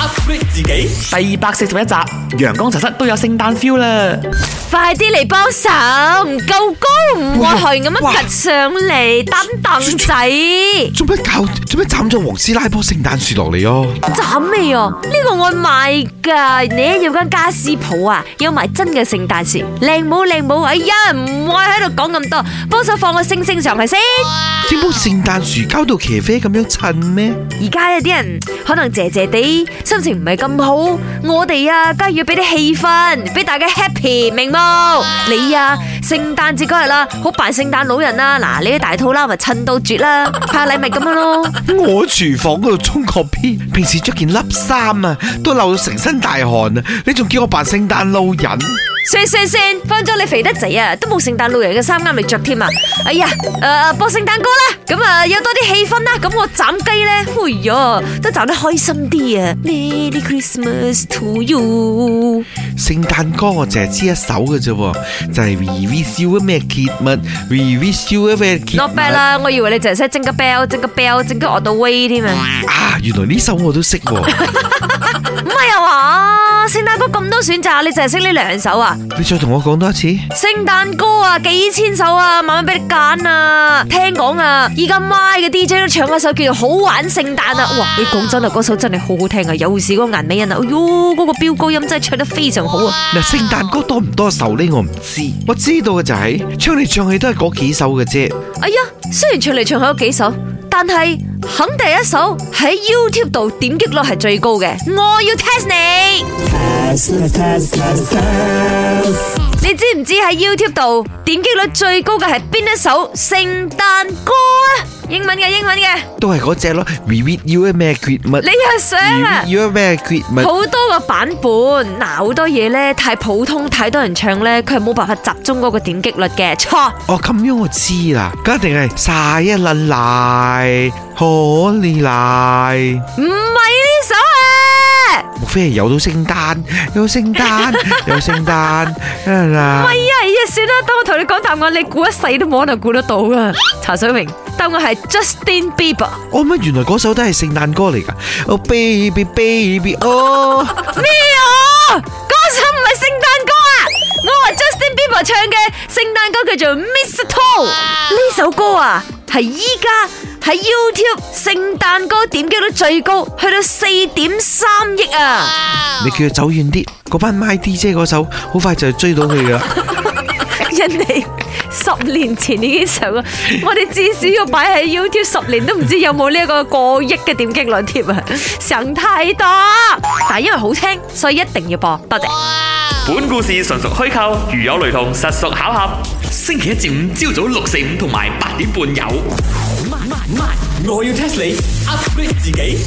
upgrade 自己，第二百四十一集，陽光茶室都有聖誕 feel 啦！快啲嚟幫手，唔夠高唔外行咁樣夾上嚟擔凳仔。做咩搞？做咩斬咗黃師奶棵聖誕樹落嚟哦？斬咩哦？呢個我賣噶，你要間家私鋪啊？要埋真嘅聖誕樹，靚冇靚冇？哎呀，唔愛喺度講咁多，幫手放個星星上嚟先。支棵聖誕樹搞到騎啡咁樣襯咩？而家有啲人可能謝謝地。心情唔係咁好，我哋啊，梗係要俾啲氣氛，俾大家 happy，明冇？Wow. 你啊？聖誕節嗰日啦，好扮聖誕老人啊！嗱，你啲大肚腩咪襯到絕啦，派下禮物咁樣咯。我廚房嗰度沖過 B，平時着件粒衫啊，都流到成身大汗啊！你仲叫我扮聖誕老人？算算算，放咗你肥得滯啊，都冇聖誕老人嘅衫啱嚟着添啊！哎呀，誒，播聖誕歌啦，咁啊，有多啲氣氛啦，咁我斬雞咧，哎呀，都斬得開心啲啊！Merry Christmas to you。聖誕歌我淨係知一首嘅啫，就係。你燒乜咩禮物？We wish you a very not bad 啦！我以為你淨係識《Jingle Bell》《Jingle Bell》《Jingle All the Way》添啊！啊，原來呢首我都識喎！唔係啊嘛？聖誕歌咁多選擇，你淨係識呢兩首啊？你再同我講多一次？聖誕歌啊，幾千首啊，慢慢俾你揀啊！聽講啊，而家 My 嘅 DJ 都唱一首叫做《好玩聖誕》啊！哇，你講真啊，嗰首真係好好聽啊！有時嗰個顏美人啊，哎喲，嗰個飆高音真係唱得非常好啊！嗱，聖誕歌多唔多首呢？我唔知，我知。知道嘅就係唱嚟唱去都係嗰幾首嘅啫。哎呀，雖然唱嚟唱去嗰幾首，但係。肯第一首喺 YouTube 度點擊率係最高嘅，我要 test 你。你知唔知喺 YouTube 度點擊率最高嘅係邊一首聖誕歌啊？英文嘅，英文嘅，都係嗰隻咯。We wish you a merry Christmas，你又想啊？Wish you a merry Christmas，好多個版本，嗱好多嘢咧，太普通，太多人唱咧，佢係冇辦法集中嗰個點擊率嘅。錯，哦，咁樣我知啦，梗係定係。Silent Night。可你嚟？唔係呢首啊！莫非係有到聖誕？有聖誕？有聖誕？唔係啊！依家算啦，等我同你講答案，你估一世都冇可能估得到啊！查水明，答案係 Justin Bieber。哦，乜原來嗰首都係聖誕歌嚟噶？Oh baby baby oh 咩啊？嗰首唔係聖誕歌啊！我話 Justin Bieber 唱嘅聖誕歌叫做 Mistletoe，呢首歌啊係依家。喺 YouTube 聖誕歌點擊率最高，去到四點三億啊！你叫佢走遠啲，嗰班 My DJ 嗰首好快就追到佢噶。人哋十年前已經上啦，我哋至少要擺喺 YouTube 十年都唔知有冇呢一個過億嘅點擊率添啊，上太多。但係因為好聽，所以一定要播，多謝。本故事純屬虛構，如有雷同，實屬巧合。星期一至五朝早六四五同埋八點半有。我要測試你，upgrade 自己。